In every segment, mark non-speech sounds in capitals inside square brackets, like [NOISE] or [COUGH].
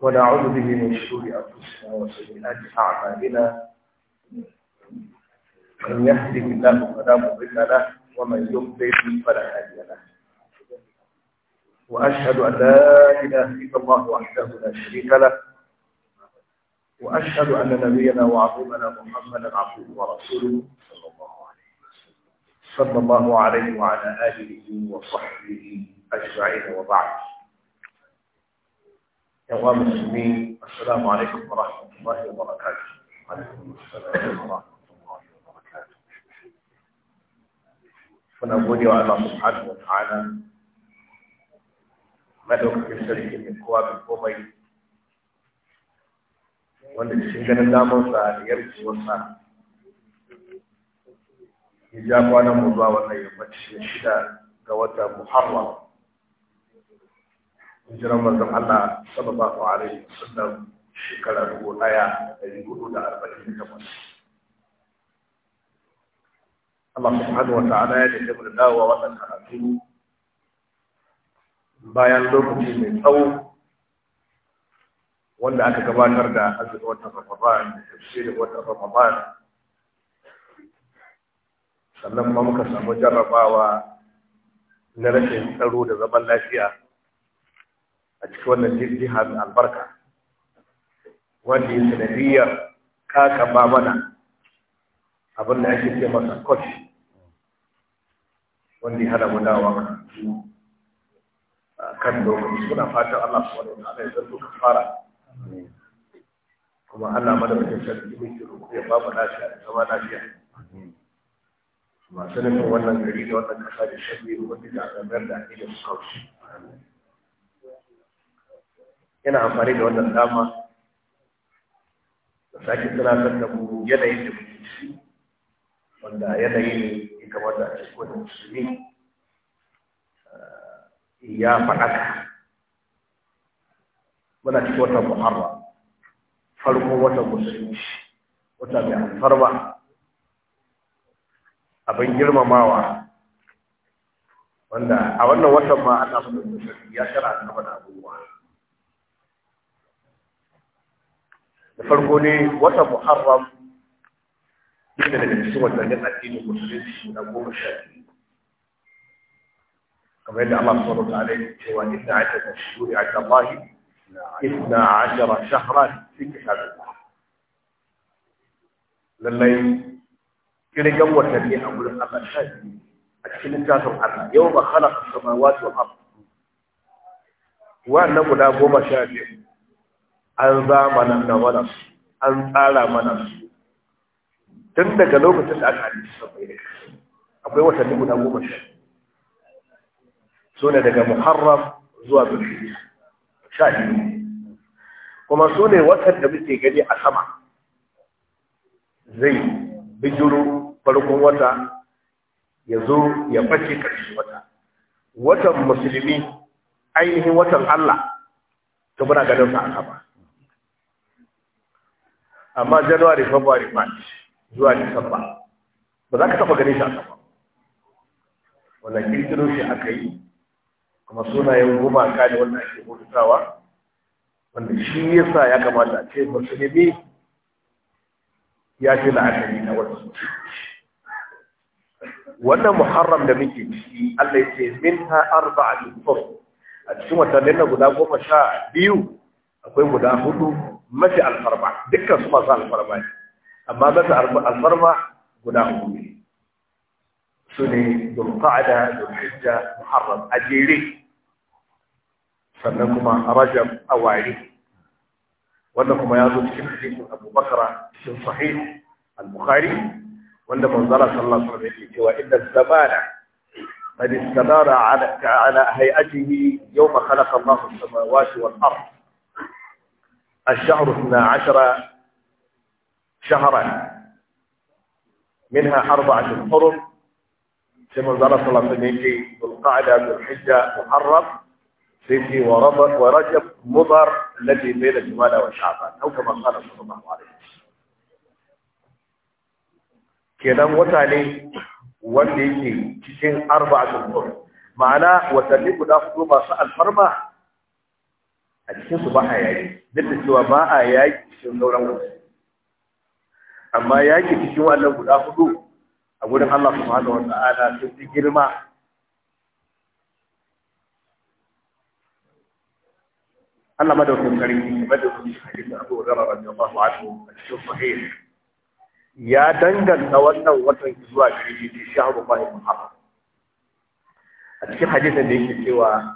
ونعوذ به من شرور أنفسنا وسيئات أعمالنا من يهده الله فلا مضل له ومن يضلل فلا هادي له وأشهد أن لا إله إلا الله وحده لا شريك له وأشهد أن نبينا وعظيمنا محمدا عبده ورسوله صلى الله عليه وسلم صلى الله عليه وعلى آله وصحبه أجمعين وبعد يا إخوان المسلمين السلام عليكم ورحمة الله وبركاته وعليكم السلام ورحمة الله وبركاته فنبودي يا الله سبحانه وتعالى مدعوك في سريك من قواب القومي وانك سيدنا الله موسى ليرس وصا يجاب على موضوع وانا يمتش يشتا قوة محرم jiran manzon Allah sallallahu alaihi wasallam shekara dubu ɗaya da yi hudu da arba'in da takwas. Allah subhanahu wa ta'ala ya da mu dawowa wannan karatu bayan lokaci mai tsawo wanda aka gabatar da azumi watan Ramadan da tafsirin watan Ramadan sannan ma muka samu jarrabawa na rashin tsaro da zaman lafiya wannan jiha mai albarka wanda ya kaka kakaba mana abin da ake ce masa coach wanda ya hada mu a kan lokaci suna fatan Allah su wani ta'ala ya zanto ka fara kuma Allah madaukakin sarki mai kiro ya babu mu lafiya da zama lafiya masu nufin wannan gari da wannan kasa da shabi wanda da aka mayar da ake da su kauce yana amfani da wannan dama da sake tunatar da mu yanayin da muke ciki wanda yanayi ne ya kamata a cikin wani musulmi eh, ya faɗaka muna cikin watan muharra farko watan musulmi wata mai alfarma abin girmamawa wanda a wannan watan ma ana mutum ya shara na wani abubuwa da farko ne wata muharram yana daga cikin watannin addinin musulunci na goma sha biyu kamar yadda Allah subhanahu wa ta'ala ya ce wa inna ashara shuhuri ala Allah inna ashara shahran fi kitabillah lallai kirgan watanni a gurin Allah sha biyu a cikin littafin Allah yau ba khalaqa samawati wal ard wannan guda goma sha biyu an nan da mana an tsara mana tun daga lokacin da aka hadisi sabai da akwai watanni guda goma shi su ne daga muharram zuwa zulhijja sha biyu kuma su ne watan da muke gani a sama zai bijiro farkon wata ya zo ya fashe ƙarshen wata watan musulmi ainihin watan Allah ta muna ganin sa a sama amma january february march zuwa december ba za ka taba ganin shi a sama wannan kirkiro shi aka yi kuma suna goma gumaka ne wanda ake bautawa wanda shi yasa ya kamata a ce musulmi ya ce la'akari na wasu wannan muharram da muke ciki Allah ya ce min ha arba a cikin watannin na guda goma sha biyu akwai guda hudu mafi alfarma dukkan su masu alfarma ne amma mafi alfarma guda uku ne su ne dulqa'ada dulhijja muharram a jere sannan kuma rajab a ware wanda kuma ya zo cikin hadisin Abu Bakra cikin sahih al-Bukhari wanda manzara sallallahu alaihi wasallam yake cewa inna zamana qad istadara ala ala hay'atihi yawma khalaqa Allahu as-samawati wal-ardh الشهر 12 شهرا منها أربعة حرم سيما قال صلى الله عليه وسلم ذو القعدة ذو الحجة محرم سيدي ورجب ورجب مضر الذي بين جمال وشعبان أو كما قال صلى الله عليه وسلم كلام وتعني ne تشين أربعة حرم arba'atul وتليب الأفضل ما guda hudu masu alfarma Yadda da cewa ba a yaƙi cikin gauran wasu amma yaƙi cikin wannan guda hudu a gudun Allah subhanahu wata ta'ala sun fi girma Allah ma da wasu madaukakin ba da Abu ba su anhu a cikin fahim ya danganta wannan watan zuwa ya muhammadu a cikin hadisin da yake cewa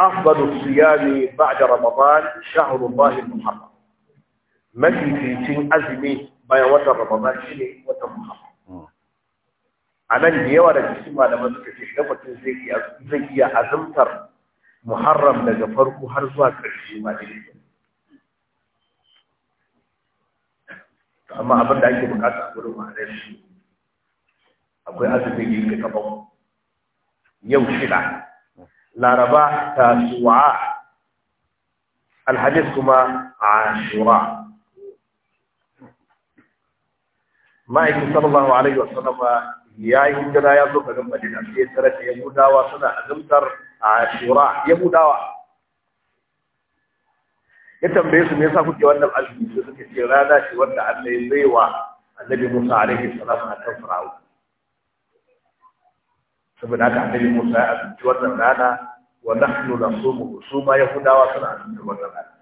أفضل الصيام بعد رمضان شهر الله المحرم ما في في تين أزمي ما يوتر رمضان شيء وتر محرم أنا اللي يورا جسم على ما تكتش لفتن زي زي أزمتر محرم لجفرك هرزوا كرشي ما تكتش amma abin da ake bukata a gurin ma'anar shi akwai azumi da yake gaban yau shida laraba tasu'a alhamis kuma ashura ma'aikin sallallahu alaihi wasallam ya yi hijira ya zo garin Madina sai ya tarar da Yahudawa suna azumtar Ashura Yahudawa ya tambaye su me yasa kuke wannan azumi sai suke ce rana ce wanda Allah Annabi Musa alaihi wa sallam saboda haka annabi Musa ya azumci wannan rana wa nahnu nasumu su ma yahudawa suna azumci wannan rana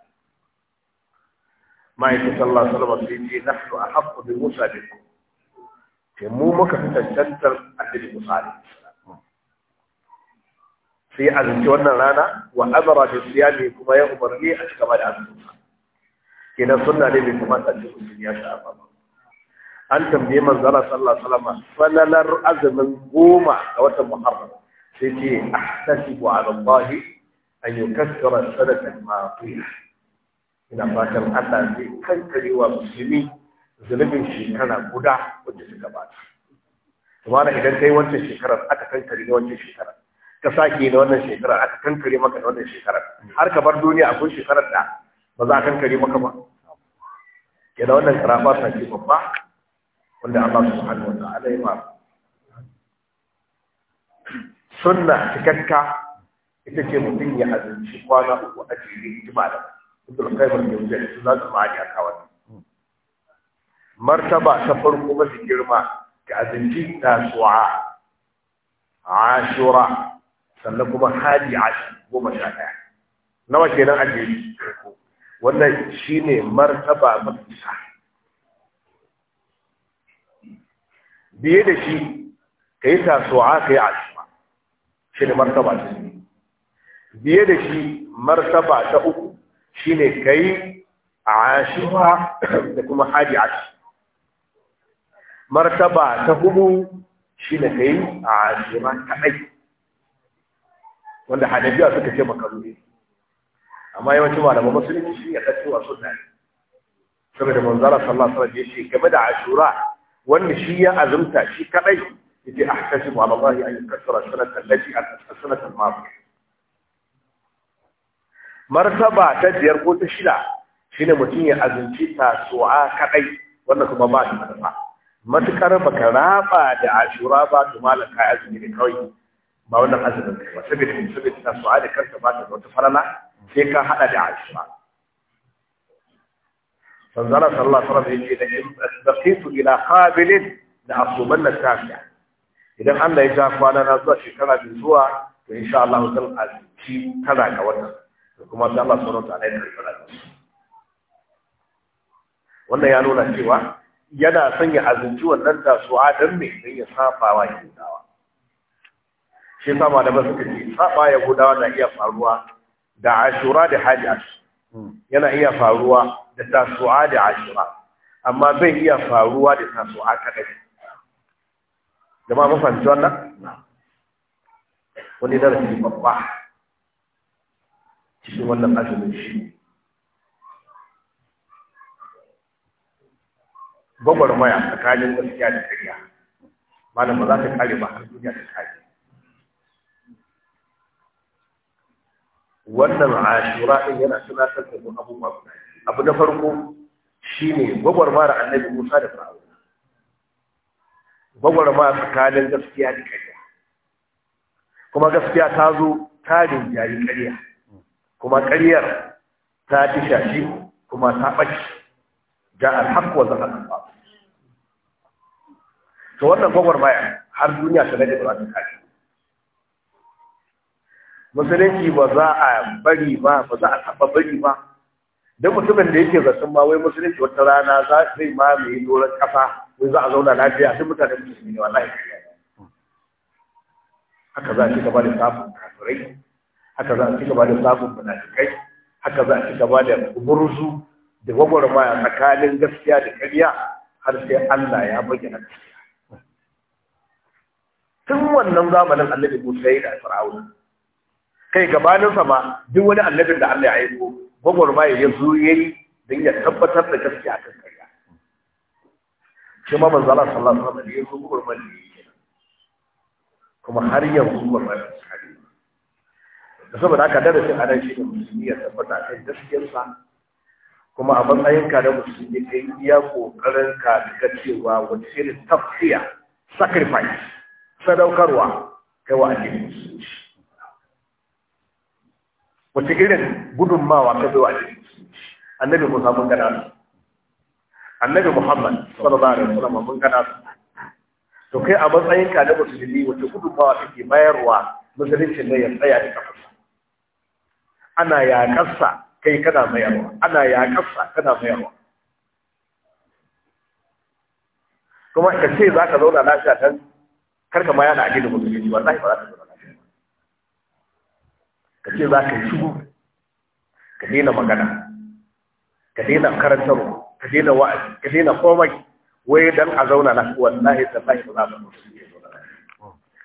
ma'aikin sallallahu alaihi wasallam sai ce nahnu ahaqqu bi Musa bikum sai mu muka fi tantantar annabi Musa alaihi sai azumci wannan rana wa amara bi siyami kuma ya umarni a cikin da azumci kenan sunna ne bai kamata a cikin duniya ta sha'a ba an tambaye manzala sallallahu alaihi wasallam falalar azumin goma ga watan muharram sai ce ahtasibu ala allah an yukassara sanata ma fiha ina fatan Allah zai kankare wa musulmi zunubin shekara guda wacce suka bata kuma idan kai wancan shekarar aka kankare na wancan shekarar ka sake na wannan shekarar aka kankare maka na wannan shekarar har ka bar duniya akwai shekarar da ba za a kankare maka ba yana wannan karafa ta ce babba wanda Allah subhanahu wa ta'ala ya mara sunna cikakka ita ce mutum ya azanci kwana uku a cikin ijma da Ibn Qayyim al-Jawziyya su za su ma'ani a kawai martaba ta farko mafi girma ka azanci a ashura sannan kuma hadi Ashi, goma sha ɗaya nawa kenan a jeri wannan shine martaba mafi sa'a biye da shi ka yi tasowa ka yi ashima shi ne martaba ta biye da shi martaba ta uku shi ne ka yi ashima da kuma hadi ashi martaba ta hudu shi ne ka yi ashima ɗai wanda hanabiya suka ce ne amma yawancin malaman musulunci shi ya ɗan sun da ne saboda manzara sallallahu da ya ce game da ashura wanda shi ya azumta shi kadai yace ahtasibu ala Allah an yukaffira sanata allati as-sanata al-madiya martaba ta biyar ko ta shida shine mutum ya azumci tasu'a kadai wanda kuma ba shi da matukar baka raba da ashura ba to malam kai azumi ne kawai ba wannan azumin kai ba saboda saboda tasu'a da karta ba ta wata farana, sai ka hada da ashura فانزل صلى الله عليه وسلم da استقيت baqitu ila qabilin da asubanna tafiya idan Allah ya ja kwana na zuwa shekara biyu zuwa كذا insha كما zan azuci ga wannan kuma Allah ya wannan ya nuna cewa yana son ya azinci wannan tasuwa don me don ya saba wa yahudawa shi yasa malaman suka ce saba yahudawa na iya faruwa da ashura da hajjaj hmm. yana iya faruwa da tasu'a da ashira amma bai iya faruwa da tasu'a kadai jama'a mun fahimci wannan wani rashin babba cikin wannan azumin shi maya tsakanin gaskiya da kariya malam ba za ta kare ba har duniya ta kare wannan ashura ɗin yana tunatar da mu abubuwa guda abu na farko shi ne gwagwarmar annabi Musa da Fir'auna gwagwarma tsakanin gaskiya da kariya kuma gaskiya ta zo ta rinjayi kariya kuma kariyar ta ci shashi kuma ta ɓaci da alhaq wa zaka ba to wannan gwagwarmaya har duniya ta rage da ta kashi musulunci ba za a bari ba ba za a taɓa bari ba don mutumin da yake zaton ma wai musulunci wata rana za zai ma mai doron kafa wai za a zauna lafiya sai mutane musulmi ne wallahi haka za a ci gaba da samun kafirai haka za a ci gaba da samun munafikai haka za a ci gaba da murzu da gwagwarmaya tsakanin gaskiya da ƙarya har sai Allah ya bayyana gaskiya tun wannan zamanin annabi Musa ya da Fir'auna kai gabaninsa ma duk wani annabin da Allah ya aiko gwagwarmaya ya zo ya yi don ya tabbatar da gaske a kan karya shi ma manzo Allah sallallahu alaihi wasallam ya zo gwagwarmaya ne kuma har yanzu gwagwarmaya ta tsari da saboda haka darasin anan shi ne musulmi ya tabbata kan gaskiyarsa kuma a matsayin ka da musulmi kai iya kokarin ka ga cewa wani irin tafsiya sacrifice sadaukarwa kai wa ake musulunci wace irin gudunmawa ka zo a ciki annabi musa mun gana su annabi muhammad sallallahu alaihi wasallam mun gana su to kai a matsayin ka da musulmi wace gudunmawa kake bayarwa musuluncin ne ya tsaya da kafa ana yaƙarsa kai kana mayarwa ana yaƙarsa kana mayarwa kuma ka ce za ka zauna lafiya dan karka ma yana addinin musulmi wallahi ba za ka zauna ka ce za ka yi shigo ka daina magana ka daina karantar ka daina wa'azi ka daina komai wai dan a zauna na wallahi tallahi ba za ka musulmi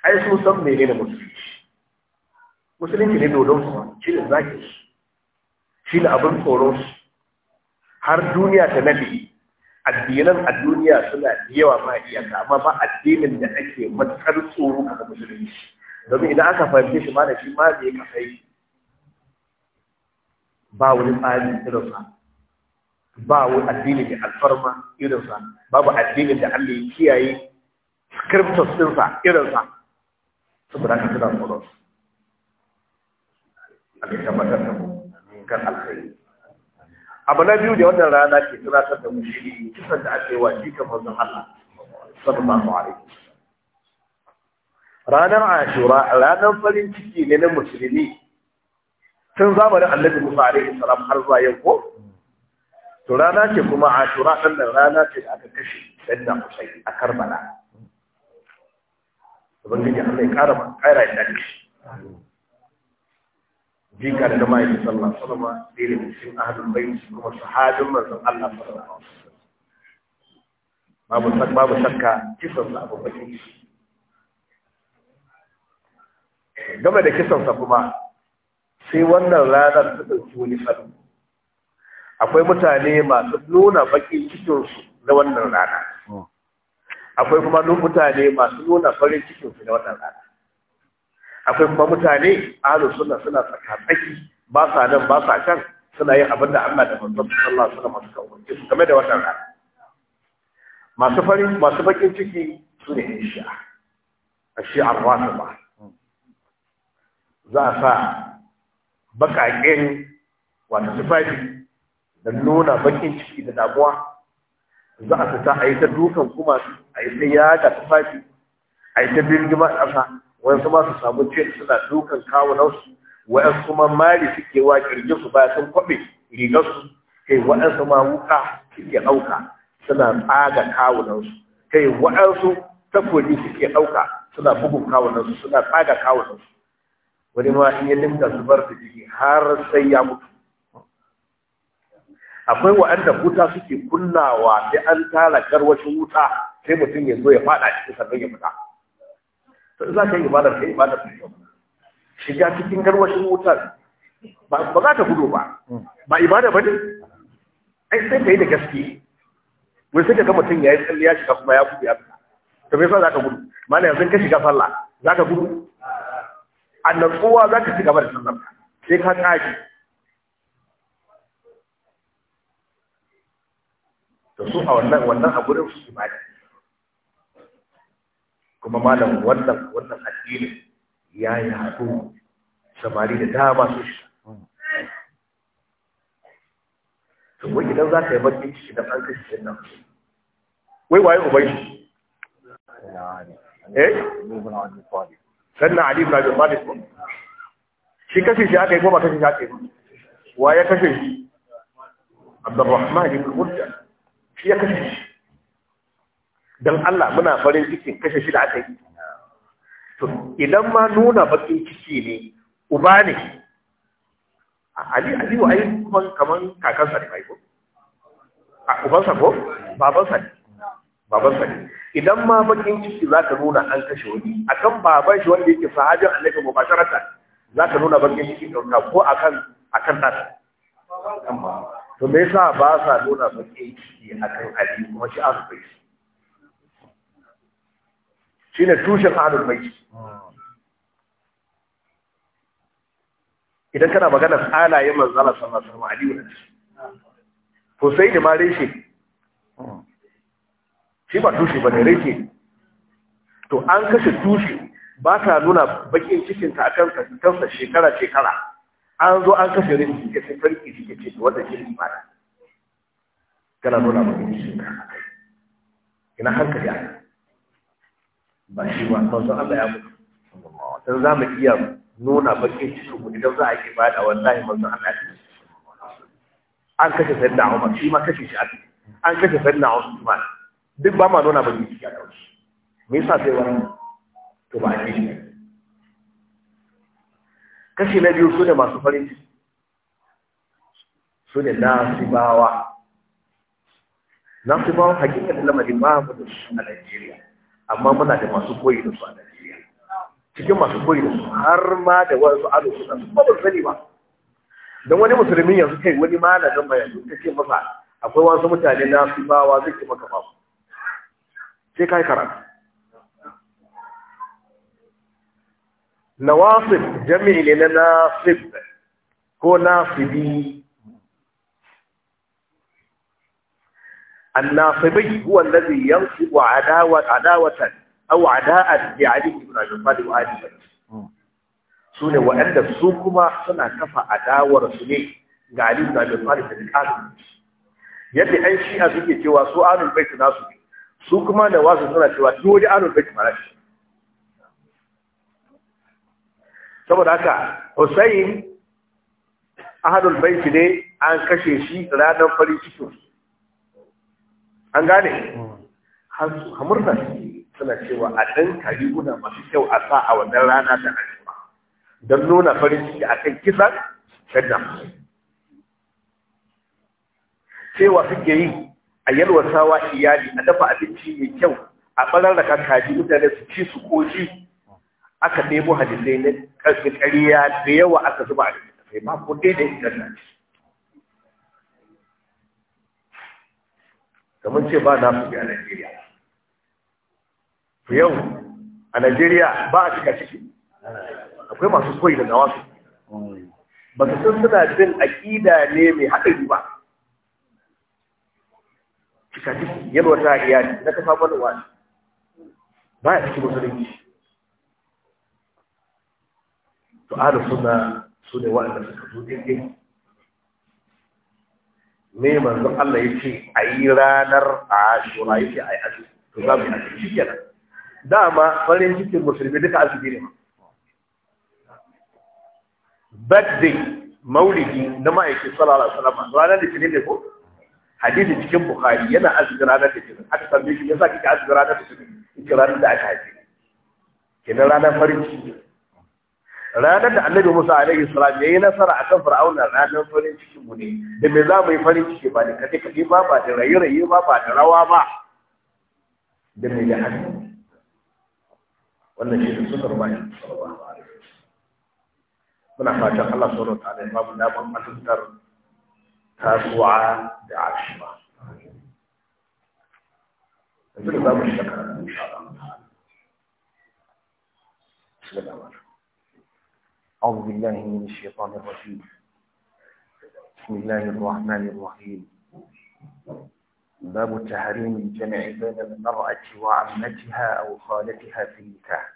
ai su san menene musulmi musulunci ne dodon su shi ne zaki shi ne abin tsoron su har duniya ta nabi addinan a duniya suna yawa ma iyaka amma ba addinin da ake matsar tsoro kamar musulunci domin idan aka fahimce shi ma da shi ma da ya kasai ba wani tsari irinsa ba wani addini da alfarma irinsa babu addini da Allah ya kiyaye scriptures ɗinsa irinsa saboda haka suna tsoron a kai tabbatar da mu kan alkhairi abu na biyu da wannan rana ke tunatar da mu shi kisan da ake wa jikan manzon Allah sallallahu alaihi ranar ashura ranar farin ciki ne na musulmi tun zamanin annabi Musa alaihi salam har zuwa yau ko to rana ce kuma Ashura dan nan rana ce da aka kashe da Hussein a Karbala ubangiji Allah ya kara kaira da shi jika da mai sallallahu alaihi wasallam da ne cikin bai bayt kuma sahabin manzon Allah sallallahu alaihi wasallam babu shakka babu shakka kisan sa abu bakin game da kisan sa kuma sai wannan ranar ta ɗauki wani salo akwai mutane masu nuna bakin cikinsu na wannan rana akwai kuma mutane masu nuna farin cikinsu na wannan rana akwai kuma mutane ahalu suna suna tsakatsaki ba sa nan ba sa can suna yin abin da Allah da manzon sallallahu alaihi wasallam suka umarce su game da wannan rana masu farin masu bakin ciki su ne shi'a a shi'ar ba za a sa baƙaƙen wata tufafi da nuna bakin ciki da damuwa za a fita a yi ta dukan kuma a yi ta yada tufafi a yi ta birgima a ƙasa wasu ma su samu ce suna dukan kawunansu waɗansu ma mari suke wa kirgin su baya sun kwaɓe rigarsu kai waɗansu ma wuka suke ɗauka suna tsaga kawunansu kai waɗansu takobi suke ɗauka suna bugun kawunansu suna tsaga kawunansu wani ma in ya limta su bar su jiki har sai ya mutu akwai wa'anda wuta suke kunnawa da an tara karwashin wuta sai mutum ya zo ya fada cikin sannan ya fita to za ka yi ibadar kai ibadar ta shiga cikin garwashin wuta ba za ta gudu ba ba ibada ba ne ai sai ka yi da gaske wai sai ka ga mutum ya yi tsalli ya shiga kuma ya gudu ya fita to me sa za ka gudu mana yanzu ka shiga sallah za ka gudu a natsuwa za ka ci gaba da sallar sai ka kaji da su a wannan wannan a gurin su ba kuma malam wannan wannan addini ya yi haɗu samari da dama su shi to wai idan za ka yi bakin ciki da an kashi nan wai waye ubai shi eh sannan Ali ibn Abi Talib shi kashe shi aka yi ko ba kashe shi aka yi wa ya kashe shi Abdurrahman ibn Murja shi ya kashe shi dan Allah muna farin cikin kashe shi da aka yi to idan ma nuna bakin ciki ne uba ne Ali Ali wa ayi kuma kaman kakansa ne mai ko a ubansa ko babansa ne babansa ne idan ma bakin ciki za ka nuna an kashe wani a kan baban shi wanda yake sahabin annabi mubasharatan za ka nuna bakin ciki ɗauka ko akan kan ɗan to me yasa ba sa nuna bakin ciki a kan ali kuma shi Shi shi ne tushen ahlul shi. idan kana magana halayen manzala sallallahu alaihi sama aliyu ne to sai da ma reshe shi ba tushe ba ne rake to an kashe tushe ba ta nuna bakin cikinta a kansa kansa shekara-shekara an zo an kashe rake suke sai farki suke ce wata ba imana kana nuna bakin cikinta ina hankali a ba shi ba sauran Allah ya mutu don za mu iya nuna bakin cikinmu idan za a yi bada wallahi manzo Allah ya an kashe sayyidina Umar shi ma kashe shi a an kashe sayyidina Usman duk ba ma nuna bakin ciki a ɗauki me yasa sai wani to ba ne. shi kashi na biyu su ne masu farin ciki su ne nasibawa nasibawa hakikatin lamarin ba mu da shi a Najeriya amma muna da masu koyi da su a Najeriya cikin masu koyi da su har ma da wasu ado suna su ba sani ba don wani musulmi yanzu kai wani malamin bayan ta ce masa akwai wasu mutane nasibawa zai ce maka babu sai kai karatu nawasib jami'i ne na nasib ko nasibi الناصبي هو الذي ينصب عداوة عداوة أو عداء لعلي بن أبي طالب وآل بيته su wa waɗanda su kuma suna kafa adawar su ne ga Ali ibn Abi Talib da Ali yadda ɗan shi'a suke cewa su Ahlul Bait nasu ne su kuma da wasu suna cewa dole da bait shi. saboda haka Hussein bai fi ne an kashe shi ranar farin cikin an gane hamurna suna cewa a ɗan guda masu kyau a sa a wannan rana ta arewa don nuna farin ciki a kan kisan shaddam cewa suke yi a yalwatawa iyali a dafa abinci mai kyau a ɓarar da kakaji mutane su ci su koji aka nemo hadisai na ƙariya da yawa aka zuba a littattafai ma ko dai da inganci kamar ce ba na fi a Najeriya yau a Najeriya ba a cika ciki akwai masu koyi da nawa su ba su sun suna jin aƙida ne mai haɗari ba cika ciki yalwata iyali na kafa balwa ba ya cikin musulunci to ahlus sunna su ne waɗanda suka zo daidai me manzon Allah yace ayi ranar ashura yace ayi azumi to za mu yi azumi shikenan dama farin cikin musulmi duka azumi ne birthday maulidi na ma'aikin sallallahu alaihi wasallam ranar litinin ne ko hadisi cikin bukhari yana azumin ranar da jini aka tambaye shi yasa kike azumin ranar da jini kike ranar da aka haife kenan ranar farin ciki ranar da annabi musa alaihi salam yayi nasara akan fir'auna ranar farin ciki mu ne da me za mu yi farin ciki ba da kaje kaje ba ba da rayi rayi ba ba da rawa ba da me ya hannu wannan shi ne suka rubuta sallallahu alaihi wasallam muna fatan Allah subhanahu wa ta'ala ya ba mu damar تاسوعة بعشرة نزل باب الشكر إن شاء الله أعوذ بالله من الشيطان الرجيم بسم الله الرحمن الرحيم باب تحريم الجمع بين المرأة وعمتها أو خالتها في النكاح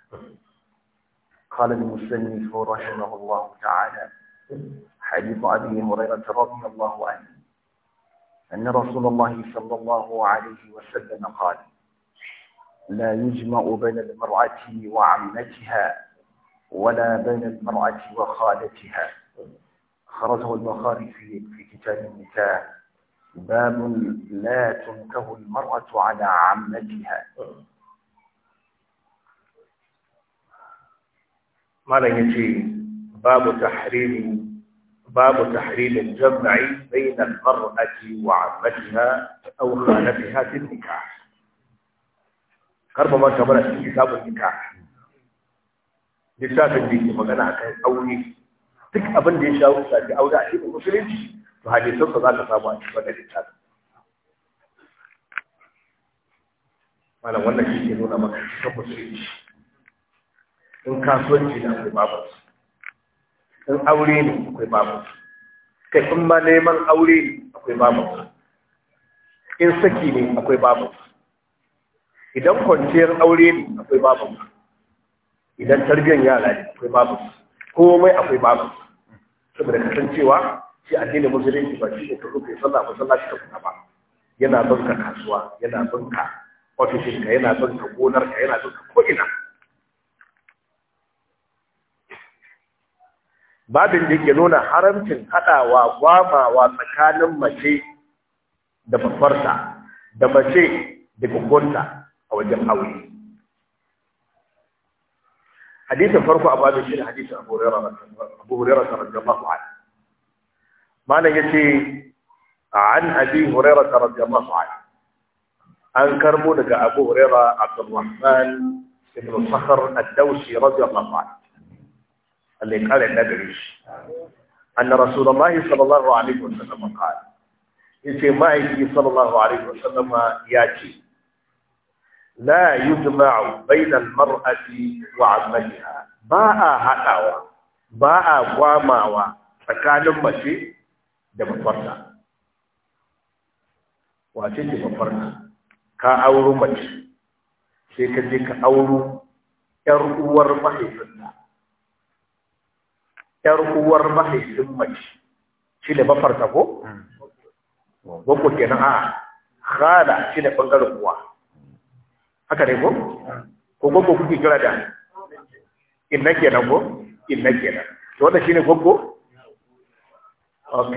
قال المسلم رحمه الله تعالى حديث أبي هريرة رضي الله عنه أن رسول الله صلى الله عليه وسلم قال لا يجمع بين المرأة وعمتها ولا بين المرأة وخالتها خرجه البخاري في في كتاب النكاح باب لا تنكه المرأة على عمتها ما لا يجي باب تحريم باب تحريم الجمع بين المرأة وعمتها أو خالتها في النكاح كربما كمان في كتاب النكاح لسات دي ما كان عكس أولي تك أبن دي شاو سادي أو ده المسلمين. مسلم فهذه سورة ذات كتاب وعند ما لسات ما لو أنك تقول أنا ما كنت مسلم إن كان سوين جنابي بابس in aure ne akwai babu kai in ma neman aure ne akwai babu in saki ne akwai babu idan kwanciyar aure ne akwai babu idan tarbiyyar yara ne akwai babu komai akwai babu saboda kasancewa shi addinin musulunci ba shi ne ta rufe sallah shi ka kuma ba yana banka kasuwa yana banka ofishinka yana banka gonarka yana banka ko'ina babin da yake nuna haramcin haɗawa gwamawa tsakanin mace da babbarta da mace da gugunta a wajen aure hadisin farko a babin shi ne hadisin abu hurairar radiyallahu anhu malam yace an abi hurairar radiyallahu anhu an karbo daga abu hurairar abdurrahman ibn a ad-dawsi radiyallahu anhu Allah ya kare da gare shi anna rasulullahi sallallahu alaihi wasallam qala yace ma'aiki sallallahu alaihi wasallam ya ce la yujma'u bayna al-mar'ati wa 'ammatiha ba a hadawa ba a gwamawa tsakanin mace da mafarta wace ce mafarta ka auro mace sai ka je ka auro ‘yar uwar mahaifinta ‘yar uwar mahaifin mace shi ne mafarta ko? Boko kenan a hada shi ne ɓangaren kuwa. Haka ne ko? Ko gogo kuke kira da inna kenan ko? Inna kenan. To wanda shi ne gogo? Ok,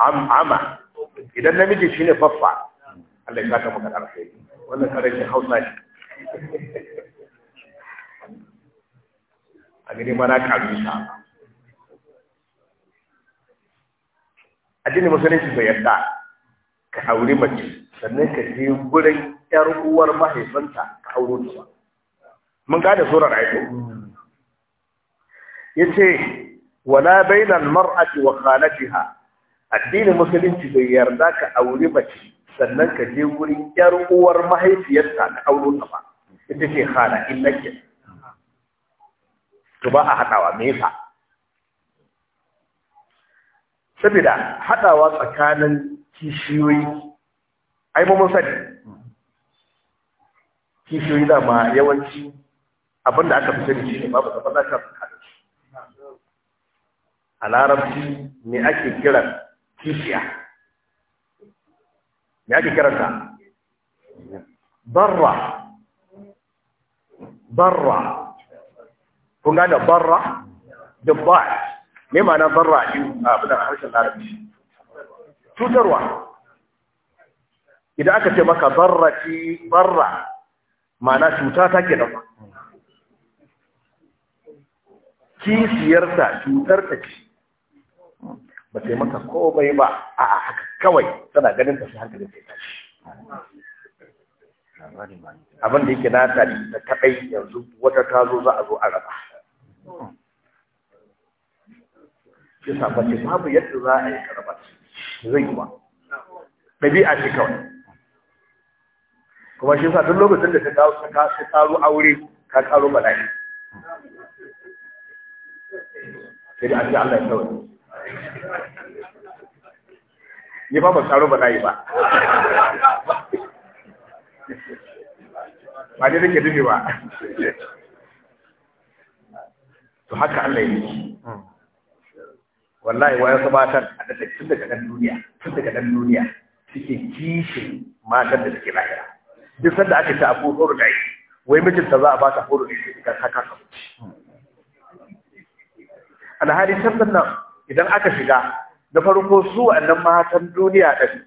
amma Idan namiji shi ne faffa, Allah ya kata maka ɗarfe. kare shi hausa ne. [LAUGHS] A gani mana karu sa addinin musulunci bai yarda ka auri mace sannan ka je gurin yar uwar mahaifanta ka aure ta ba mun da surar aiko yace wala bainal mar'ati wa khalatiha addinin musulunci bai yarda ka auri mace sannan ka je gurin yar uwar mahaifiyarta ka aure ta ba ita ce khala illaki to ba a hadawa me yasa saboda haɗawa tsakanin kishiyoyi ai mun sani kishiyoyi da ma yawanci abinda aka fi sani shine babu zaman lafiya tsakanin a larabci ne ake kiran kishiya me ake ta barra barra kun gane barra da ba'a me mana barra yi a budan harshen larabci cutarwa idan aka ce maka barra ci barra ma'ana cuta ta ke dafa kisiyarta cutar ta ci. ba sai maka komai ba a haka kawai tana ganin ta sai hankalin ta tashi abin da yake na tari ta kaɗai yanzu wata ta zo za a zo a raba ya saba ce babu yadda za a yi karba zai yi ɗabi'a ce kawai kuma shi sa duk lokacin da ta ka karo aure ka karo bala'i sai da ake Allah ya kawai ni ba ba karo bala'i ba ba ne nake dubi ba to haka Allah ya yi wallahi wa yasu matan a da tun daga nan duniya tun daga nan duniya suke kishin matan da suke lahira duk sanda ake ta abu horo da yi wai ta za a ba ta horo da shi ka saka ka alhali sannan nan idan aka shiga na farko su wa'annan matan duniya ɗin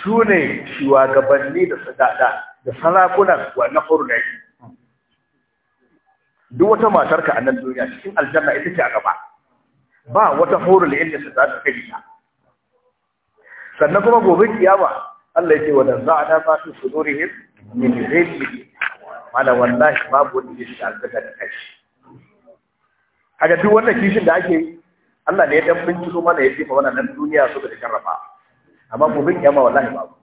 su ne shugabanni da sadada da sarakunan wannan horo da yi duk wata matarka a nan duniya cikin aljanna ita ce a gaba ba wata horul ilmi da za ta kai ta sannan kuma gobe kiyama Allah yake wadan za a da ba su hin min zilli mala wallahi babu wani shi albarka da kai haka duk wannan kishin da ake Allah ne ya dan binciko mana ya jefa wannan nan duniya so da karrafa amma gobe kiyama wallahi babu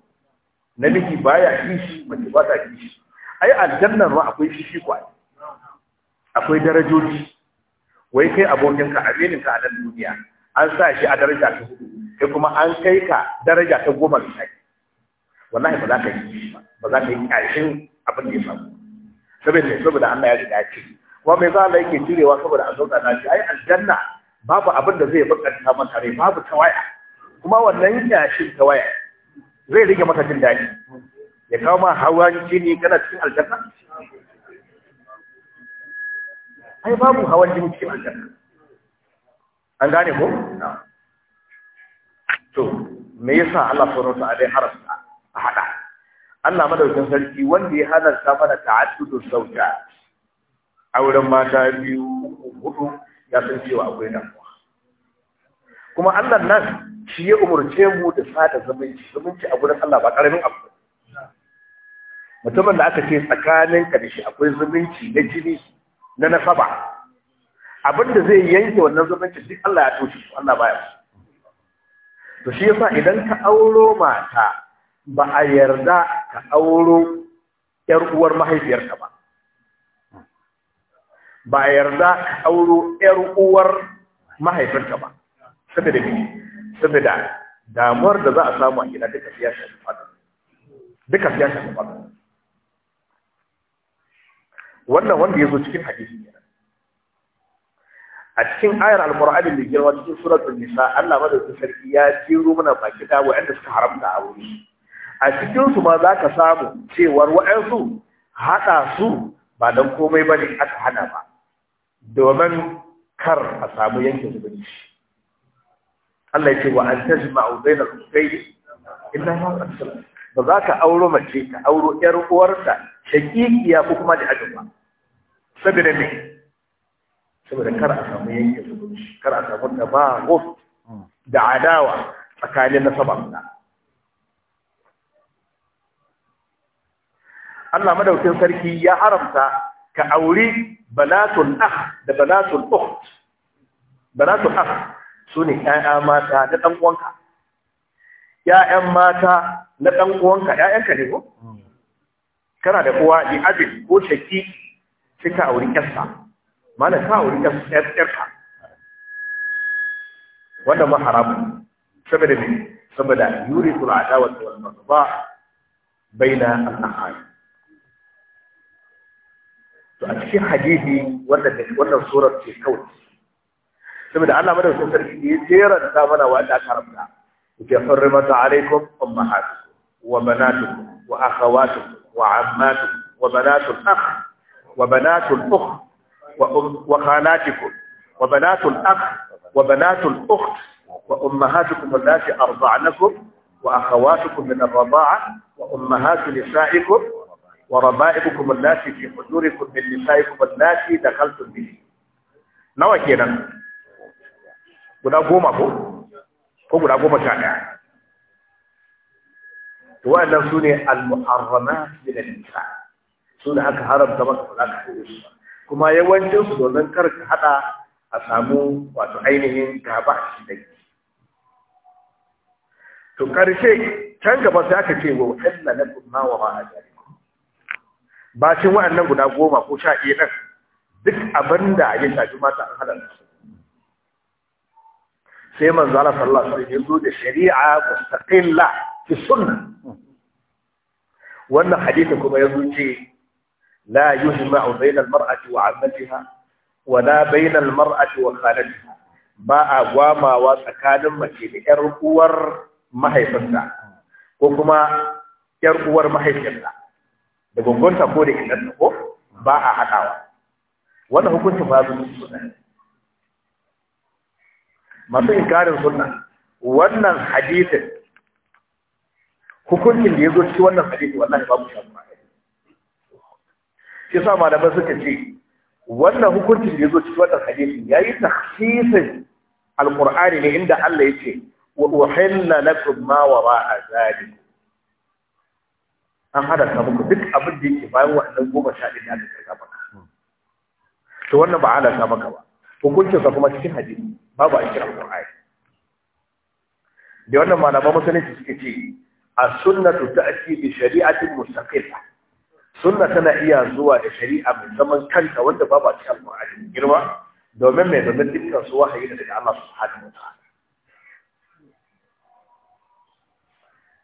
namiji baya kishi mace ba ta kishi ai aljannar ma akwai shi kwai akwai darajoji wai kai abokinka aminin ka a nan duniya an sa shi a daraja ta hudu kai kuma an kai ka daraja ta goma misali wallahi ba za ka yi ba za ka yi ƙarshen abin da ya samu saboda saboda Allah ya riga ce kuma mai zala yake cirewa saboda an zauna shi ai aljanna babu abin da zai bakanta mata rai babu tawaya kuma wannan yashin tawaya zai rige maka jin daɗi ya kawo ma hawan jini kana cikin aljanna ai babu hawan jini a aljanna an gane ko to me yasa Allah subhanahu wa ta'ala ya a hada Allah madaukin sarki wanda ya halarta mana ta'addudu sauta auren mata biyu hudu ya san cewa akwai damuwa kuma Allah nan shi ya umurce mu da sada zumunci zumunci a gurin Allah ba karamin abu mutumin da aka ce ka da shi akwai zumunci na jini na nasaba abinda zai yanke wannan zumunci duk Allah ya toshe su Allah baya su to shi yasa idan ka auro mata ba a yarda ka auro yar uwar mahaifiyarka ba ba a yarda ka auro yar uwar mahaifinka ba saboda me saboda damuwar da za a samu a gida duka siyasa ta fada duka siyasa ta wannan wanda ya zo cikin hadisi ne a cikin ayar al-qur'ani mai girma cikin suratul nisa Allah madaukakin sarki ya jiro mana baki da suka haramta a wuri a cikin su ma zaka samu cewar wa'ansu hada su ba dan komai bane aka hana ba domin kar a samu yanke zubanci Allah ya ce wa an tajma'u bainal ukhtayni illa ma qad ba za ka auro mace ka auro ƴar uwarta shakikiya ko kuma da ajiyar ba saboda ne saboda kar a samu yanke zumunci kar a samu da ba da adawa tsakanin nasaban da Allah madaukin sarki ya haramta ka auri balatun ah da balatul balatun ah su ne ƴaƴa mata da dan ‘ya'yan mata na ɗan uwanka ‘ya'yanka ne ko? Kana da kowa di abin ko shaki sai ka auri ƙyarsa, mana ka auri ƙyasta. Wannan ma haramun, saboda ne, saboda yuri kula a dawar da wannan ba bai na al'ahari. To a cikin hadisi wannan surar ce kawai. Saboda Allah madaukin sarki ya jeranta mana wanda aka haramta. حرمت عليكم أمهاتكم وبناتكم وأخواتكم وعماتكم وبنات الأخ وبنات الأخ وخالاتكم وبنات الأخ وبنات الأخت وأمهاتكم اللاتي أرضعنكم وأخواتكم من الرضاعة وأمهات نسائكم وربائبكم اللاتي في حجوركم من نسائكم اللاتي دخلتم به نوى كده guda ko guda goma sha ɗaya to wa'annan su ne al-muharrama min al-nisa su ne aka haramta maka ba za ka haɗe su kuma yawancin su domin kar ka haɗa a samu wato ainihin gaba a cikin to ƙarshe can gaba sai aka ce wa illa na kuma wa ma ajalikum bacin wa'annan guda goma ko sha ɗaya ɗin duk abin da ya shafi mata an haɗa su sai manzo Allah sallallahu alaihi wasallam yazo da shari'a mustaqilla fi sunna wannan hadisi kuma yazo ce la yujma'u bayna al-mar'ati wa 'ammatiha wa la bayna al-mar'ati wa khalatiha ba a gwamawa tsakanin mace da ƴar uwar mahaifinta ko kuma ƴar uwar mahaifinta da gungunta ko da inanta ko ba a haɗawa wannan hukuncin ba su sunna masu inkarin sunna wannan hadisin hukuncin da ya zo ci wannan hadisi wallahi babu shi shi sa malamai suka ce wannan hukuncin da ya zo ci wannan hadisi yayi al alqur'ani ne inda Allah ya ce wa uhilla lakum ma wara'a zalikum an hada ka muku duk abin da yake bayan wannan goma sha ɗin da aka karɓa maka to wannan ba halaka maka ba hukuncinsa kuma cikin hadisi babu a cikin Qur'ani da wannan malaman musulunci suke ce a sunnatu ta'ti bi shari'atin mustaqilla sunna tana iya zuwa da shari'a mai zaman kanta wanda babu a cikin Qur'ani girma domin mai domin dukkan su wahayi daga Allah subhanahu wa ta'ala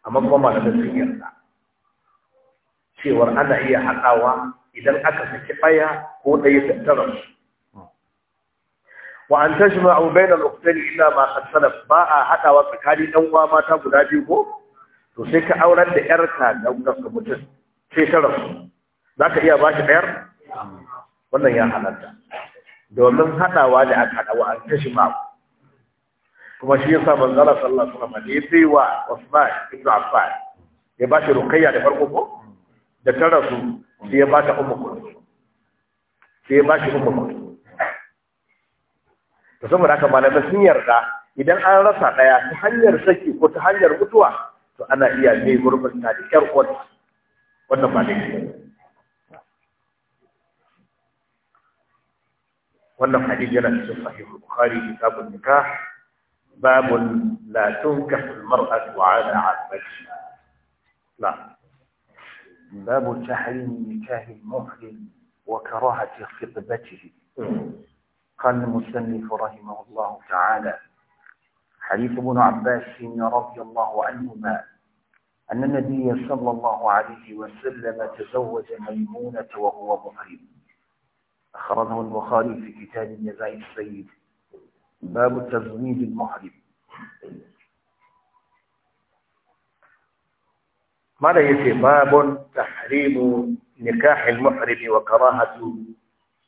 amma kuma malaman sun yarda cewar ana iya haɗawa idan aka saki ɗaya ko ɗaya tattara su wa an tajma'u bayna al-ukhtayn illa ma qad salaf ba a hadawa tsakanin dan uwa mata guda biyu ko to sai ka aurar da yarka da uwarka mutum sai ta rasu zaka iya bashi dayar wannan ya halatta domin hadawa da aka hada wa an tajma'u kuma shi yasa manzara sallallahu alaihi wasallam ya sai wa Usman ibn Affan ya bashi ruqayya da farko ko da ta rasu sai ya ta ummu kullu sai ya bashi ummu kullu to saboda haka malamai sun yarda idan an rasa ɗaya ta hanyar saki ko ta hanyar mutuwa to ana iya mai gurbin ta da ƴar uwarta wannan ba daidai wannan hadisi yana cikin sahihul bukhari kitabun nikah babun la tunkahu al-mar'atu 'ala 'azwajiha la باب تحريم نكاه المحرم وكراهة خطبته قال المسلم رحمه الله تعالى حديث ابن عباس رضي الله عنهما أن النبي صلى الله عليه وسلم تزوج ميمونة وهو محرم أخرجه البخاري في كتاب النزاع السيد باب تزويج المحرم ماذا يأتي باب تحريم نكاح المحرم وكراهة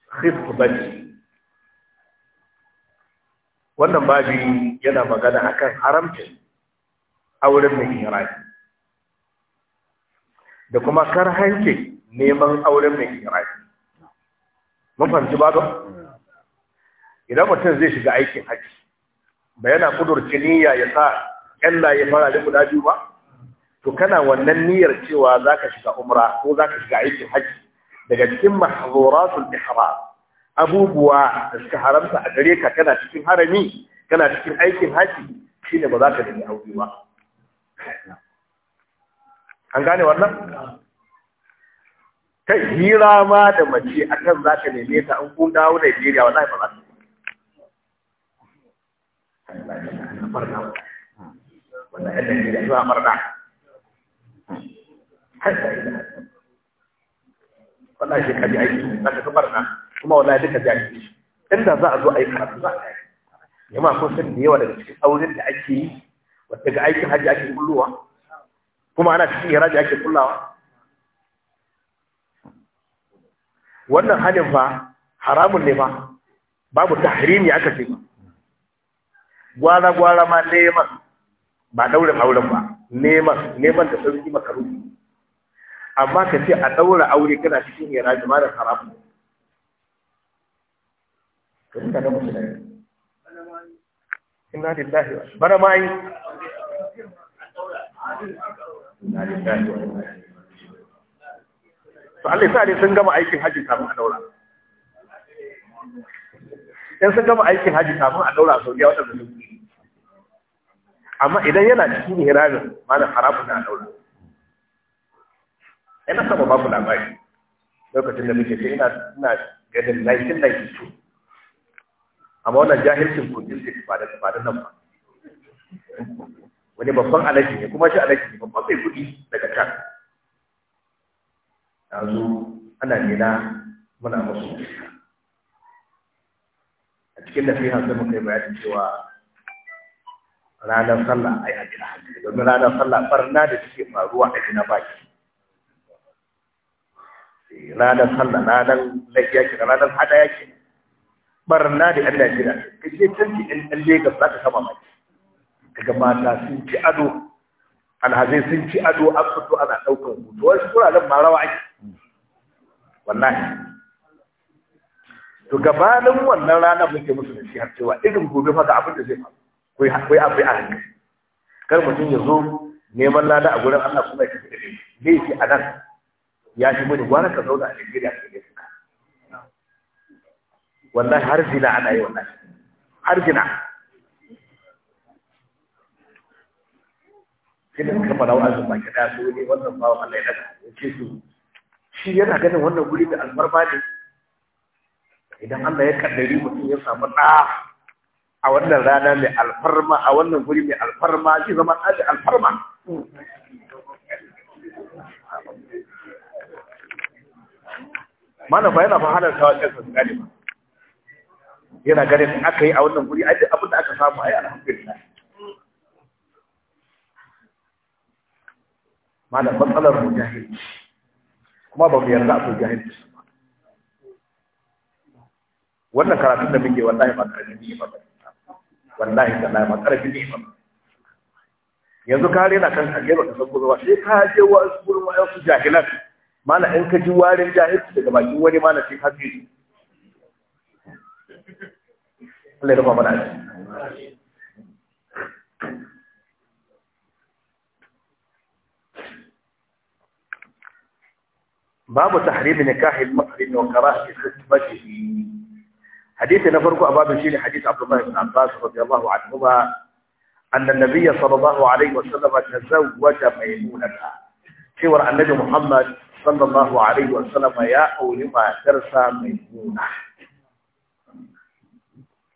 خطبته wannan babi yana magana akan haramcin auren mai hirani da kuma kar karhancin neman auren mai hirani mun fahimci idan mutum zai shiga aikin haji ba yana kudurci niyya ya sa ƙalla ya fara da guda biyu ba to kana wannan niyyar cewa za ka shiga umra ko za ka shiga aikin haji daga cikin mahzuratul ihram abubuwa da suka haramta a gare ka kana cikin harami kana cikin aikin shi shine ba za ka nemi aure ba an gane wannan kai hira ma da mace akan za ka neme ta an kun dawo Najeriya wallahi ba za ka wannan yadda ne da zuwa barna wannan shi kaji aiki za ka barna kuma wallahi duka jahili inda za a zo a yi karatu za a yi yamma ko san da yawa daga cikin aurin da ake yi daga aikin hajji ake kullowa kuma ana cikin iraji ake kullawa wannan hanin fa haramun ne ba babu tahrimi aka ce ba gwara gwara ma neman ba daure auren ba neman neman da sauki makaru amma ka ce a daura aure kana cikin iraji ma da haramun Ka suka ga musu da inna lillahi wa bara ma yi inna lillahi wa to Allah ya sa dai sun gama aikin haji kafin a daura in sun gama aikin haji kafin a daura sau biya wadanda sun amma idan yana cikin hiramin malam haramun na daura ina saba babu labari lokacin da muke ce ina ina ganin 1992 amma wannan jahilcin kudin ce ba da ba da nan ba wani babban alaji ne kuma shi alaji ne babban mai kudi daga can yanzu ana nina muna musu a cikin fiye sai muka yi bayani cewa ranar sallah ai a jira hankali domin ranar sallah barna da suke faruwa a jina baki eh, ranar sallah ranar lafiya ke ranar hada yake barna da yan Najeriya ka je canji yan ɗan Legas za ka kama mai daga mata sun ci ado alhazai sun ci ado an fito ana ɗaukar hoto wasu kuraren ma rawa ake wallahi to gabanin wannan rana muke musu da har cewa irin gobe fa ga abin da zai faru koi abu a hankali kar mutum ya zo neman lada a gurin Allah kuma ya tafi da laifi a nan ya shi mini gwara ka zauna a Najeriya ka wallahi har zina ana yi wannan har zina sai da suka fara wa'azin baki da su ne wannan bawo Allah ya daga yake su shi yana ganin wannan guri da alfarma ne idan Allah ya kaddari mutum ya samu da a wannan rana mai alfarma a wannan guri mai alfarma shi zama ɗa alfarma mana ba yana fa ta wa ƙasar gani ba yana ganin aka yi a wannan guri a abin da aka samu ai alhamdulillah malam matsalar mu jahilci kuma ba mu yarda a jahilci ba wannan karatun da muke wallahi ba karfi ne ba wallahi tallahi ba karfi ne ba yanzu ka rena kan kage ba ka san gobe ba sai ka je wa gurin wa'ansu jahilan Mana in ka ji warin jahilci daga bakin wani mana sai ka ji باب تحريم نكاح mana shi babu tahrim nikah حديث نفرق أباب الشيخ حديث عبد الله بن عباس رضي الله عنهما أن النبي صلى الله عليه وسلم تزوج ميمونة شور النبي محمد صلى الله عليه وسلم يا أولي ما ترسى ميمونة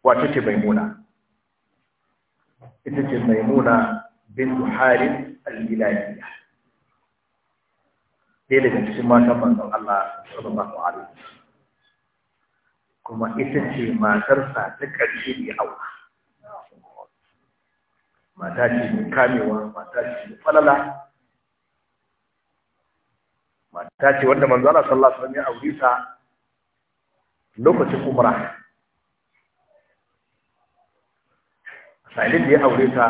wato ce maimuna ita ce maimuna bintu harith al-miladiya ɗaya daga cikin matan manzon Allah sallallahu alaihi wasallam kuma ita ce matarsa ta ƙarshe ne aure mata ce mai kamewa mata ce mai falala mata ce wanda manzo Allah sallallahu alaihi wasallam ya aure ta lokacin umra sa'ilin da ya aure ta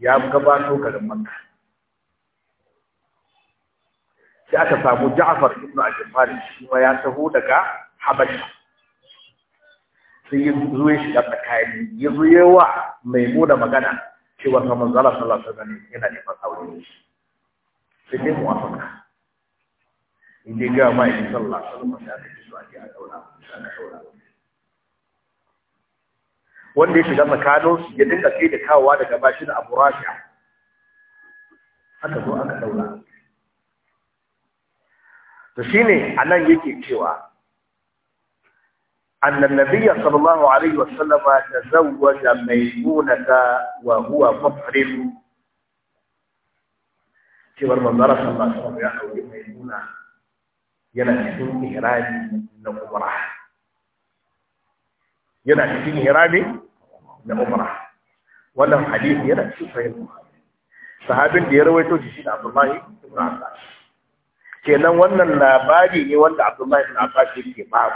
ya gabato garin makka sai aka samu ja'far ibn abi talib shi ma ya taho daga habasha sai ya shi da shiga tsakani ya mai ya wa magana cewa kuma manzala sallallahu alaihi wasallam yana neman aure sai dai muwafaka in dai ga mai sallallahu alaihi wasallam ya kace su a ji a daura a daura wanda ya shiga tsakanin ya dinga kai da kawowa daga bashi da abu rasha aka zo aka daura to shine anan yake cewa أن النبي صلى الله عليه وسلم تزوج wa huwa محرم cewar manzara sallallahu alaihi ya aure mai nuna yana cikin ihrami na umra yana cikin ihrami da umrah wannan hadisi yana cikin sahih bukhari sahabin da ya rawaito shi da Abdullahi ibn Abbas kenan wannan labari ne wanda Abdullahi ibn Abbas yake ba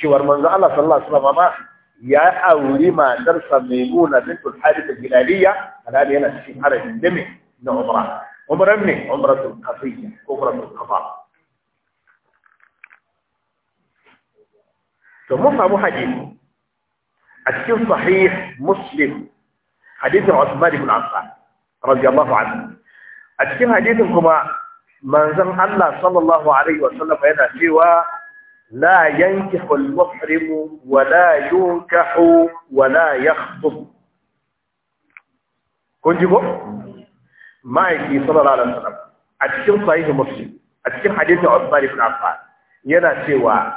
cewa manzo Allah sallallahu alaihi wasallam ya auri matarsa Maimuna bint al-Harith al-Hilaliyya alani yana cikin harajin dame na umrah umran ne umratul qasiyya ko umratul qafa to mun samu hadisi في صحيح مسلم حديث عثمان بن عفان رضي الله عنه في حديث كما من زن الله صلى الله عليه وسلم هنا سوى لا ينكح المحرم ولا ينكح ولا يخطب كنجبو ما يكي صلى الله عليه وسلم أتكلم صحيح مسلم أتكلم حديث عثمان بن عفان هنا سوى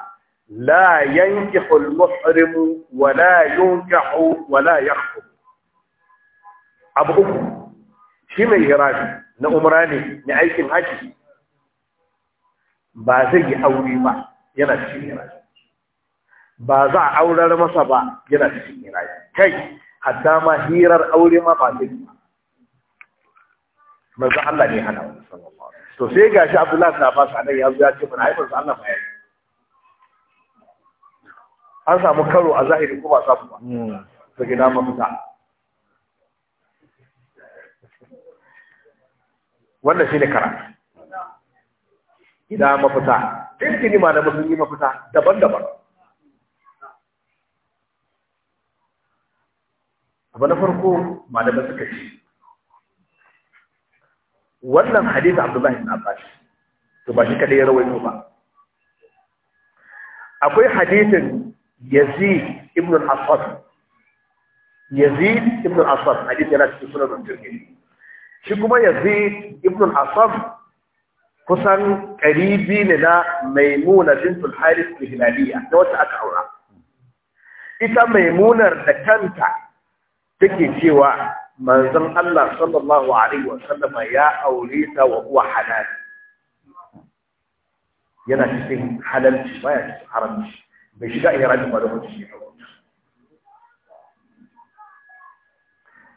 la ينكح المحرم ولا wa la يخطب wa la yakhub abu uku shi mai hirami na umra aikin ba zai yi aure ba yana cikin hirami ba za a aurar masa ba yana cikin hirami kai hatta ma hirar aure ma ba zai yi manzo Allah ne hana wannan sallallahu to sai gashi Abdullahi ibn ya zo ce mana Allah ba ya an samu karo a zahiri ko ba samu ba ta hmm. gina mafita wannan shi ne kara gina mafita ɗin ma na musulmi mafita daban-daban abu na farko malamai suka ce wannan hadith abdullahi na bashi, to ba shi kadai ya rawaito ba akwai hadithin. yazid ibn al-asad ibn al-asad hadith yana cikin sunan turki shi kuma yazid ibn al kusan karibi ne na maimuna bintul haris al-hilaliya da wata aka aura ita maimunar da kanta take cewa manzon Allah sallallahu alaihi wa sallama ya aure ta wa yana cikin halalci baya cikin bai shiga ihrami ba lokacin shi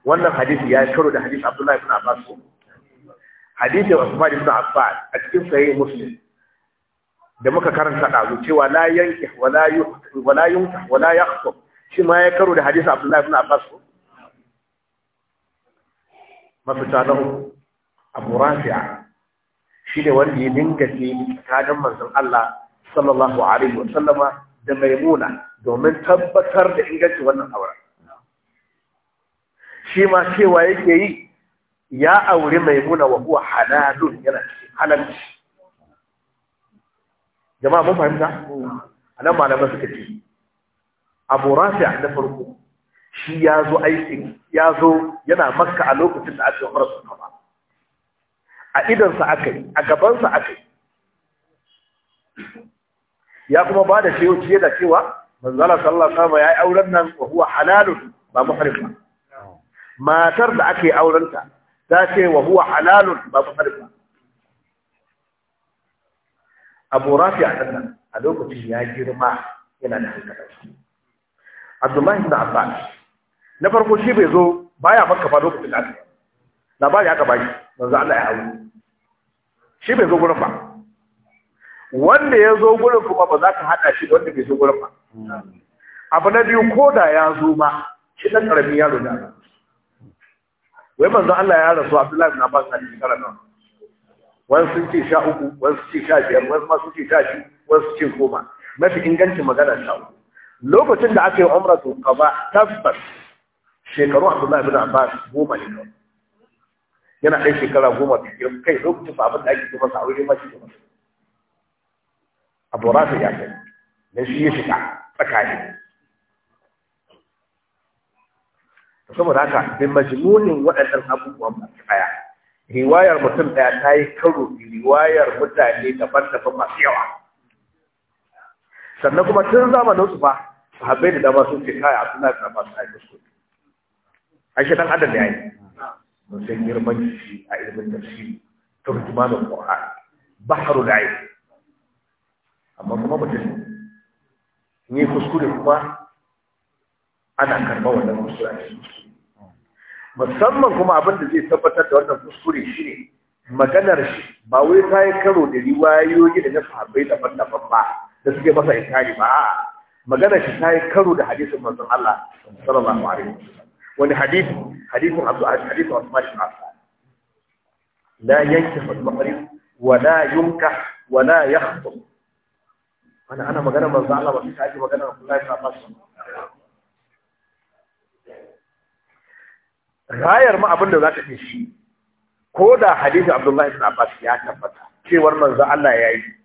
wannan hadisi ya karo da hadisi Abdullahi ibn Abbas hadisi fadi ibn Affan a cikin sahih Muslim da muka karanta dazu cewa la yanki wala yuhti wala yumti wala yakhsub shi ma ya karo da hadisi Abdullahi ibn Abbas mafita na uku, Abu Rafi'a shi ne wanda ya dinga ce tsakanin manzon Allah sallallahu alaihi wa sallama da maimuna domin tabbatar da ingancin wannan auren shi ma cewa yake yi ya auri maimuna wa kuwa halalun yana cikin halalci jama'a mun fahimta a nan malamai suka ce abu rafi'a na farko shi ya zo aikin ya zo yana makka a lokacin da ake wa kama a idansa aka yi a gabansa aka yi ya kuma ba da shehu ciye da cewa manzala sallallahu alaihi wasallam yayi auren nan wa huwa halalun ba muhrim ba matar da ake aurenta ta ce wa huwa halalun ba muhrim ba Abu Rafi a nan a lokacin ya girma yana da hankali Abdullahi ibn Abbas na farko shi bai zo baya farka fa lokacin da aka labari aka bashi manzo Allah ya hawo shi bai zo gurin ba wanda ya zo gurin kuma ba za ka haɗa shi da wanda bai zo gurin ba abu na biyu ko da ya zo ma shi ɗan ƙaramin yaro da wai manzo Allah ya rasu Abdullahi bin Abbas a cikin nan. wani sun ce sha uku wani sun ce sha biyar wani ma sun ce sha biyu wani sun ce goma mafi ingancin magana sha uku lokacin da aka yi umra to kaba tabbas shekaru Abdullahi bin Abbas goma ne kawai yana ɗan shekara goma da kai lokacin ba abin da ake ce masa aure ma shi ne abu rafi ya kai da shi ya shiga tsakani saboda haka bin majmunin waɗannan abubuwan masu ɗaya riwayar mutum ɗaya ta yi karo riwayar mutane daban-daban masu yawa sannan kuma tun zamanin su fa haɓe da dama sun ce kaya suna da masu aiki su shi ɗan adam ne ai mun san girman shi a ilimin tafsiri turjumanul qur'an da aiki amma kuma mutum ne kuskure kuma ana karɓar wannan kuskure musamman kuma abin da zai tabbatar da wannan kuskure shi ne maganar shi ba wai ta yi karo da riwayoyi da na sahabbai daban-daban ba da suke masa inkari ba a'a maganar shi ta yi karo da hadisin manzon Allah sallallahu alaihi wasallam wani hadisi hadisin Abu Hadith Usman bin Affan la yanke masu mahrim wa la yunka wa la yakhthub wanda ana magana manzo Allah ba sai ake magana Abdullahi ibn Abbas rayar ma abin da za ce shi ko da hadisi Abdullahi ibn Abbas ya tabbata cewar manzo Allah ya yi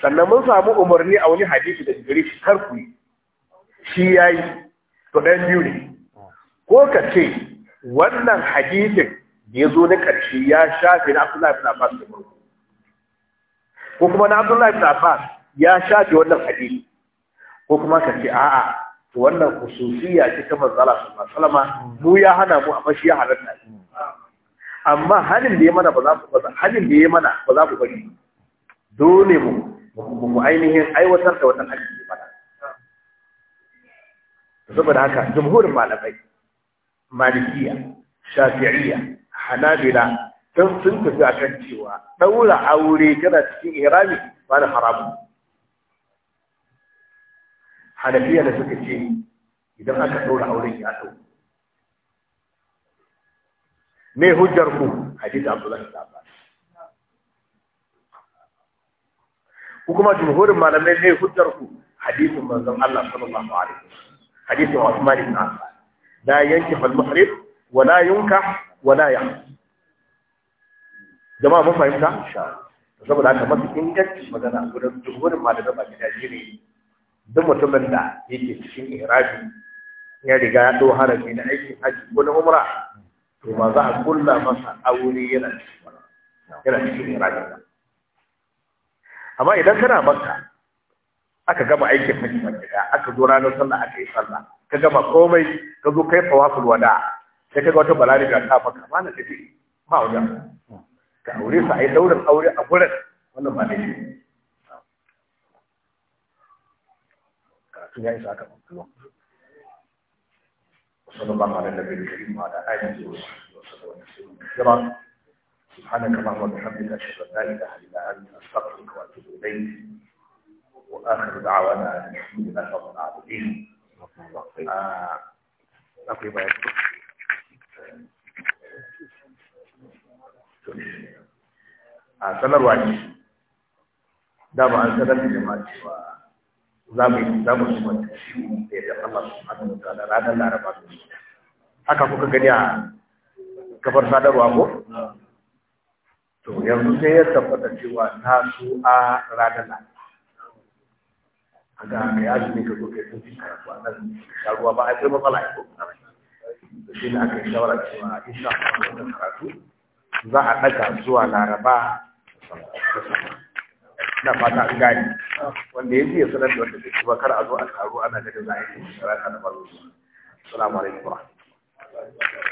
sannan mun samu umarni a wani hadisi da gari shi kar ku yi shi ya yi to dan biyu ne ko ka ce wannan hadisin da ya zo na ƙarshe ya shafe na Abdullahi ibn Abbas da farko ko kuma na Abdullahi ibn Abbas ya shafe wannan hadisi ko kuma ka ce a'a to wannan khususiya ce ta manzala Allah sallallahu alaihi mu ya hana mu amma shi ya halatta amma halin da ya mana ba za ku ba halin da ya mana ba za ku bari dole mu mu ainihin aiwatar da wannan hadisi ba saboda haka jumhurin malamai malikiya shafi'iyya hanabila don sun tafi akan cewa daura aure tana cikin irami ba da haramun hanafiya da suka ce idan aka ɗaura auren ya ɗau me hujjar ku hadith abdullahi ta ba ku kuma jumhurin malamai me hujjar ku hadithin manzon Allah sallallahu alaihi wasallam hadithin Uthman ibn Affan la yankih al-muhrib wa la yunka wa la yahz jama'a mun fahimta insha Allah saboda haka mafi ingancin magana gurin jumhurin malamai ba gidaje ne duk mutumin da yake cikin irabi ya riga ya ɗau harami na aikin haji ko na umra to ba za a kulla masa aure yana cikin yana cikin irabi ba amma idan kana makka aka gama aikin haji ba gida aka zo ranar sallah aka yi sallah ka gama komai ka zo kai tawaful wada sai ka ga wata balariga ta faka ma na tafi ba wajen ka aure sa yi daurin aure a gurin wannan ba shi ya isa ka kullum sallallahu alaihi wa sallam ala alihi wa sahbihi سبحانك اللهم وبحمدك اشهد ان لا اله الا انت استغفرك واتوب اليك واخر دعوانا ان الحمد لله رب العالمين نقي بيان a sanarwa ce dama an sanar da za mu za mu ci wata shi mu da Allah subhanahu wa ta'ala ranar laraba haka kuka gani a kafar sadarwa ko to yanzu sai ya tabbata cewa ta su a ranar laraba a ga mai azumi ka zo sun fi karatu a nan sharuwa ba a kai matsala ya ko shi ne aka yi shawara cewa insha Allah wannan karatu za a ɗaga zuwa laraba da sama na fata an gani wanda ya biya sanar da wanda ke ba kar a zo a taro ana da da zai yi salamu alaikum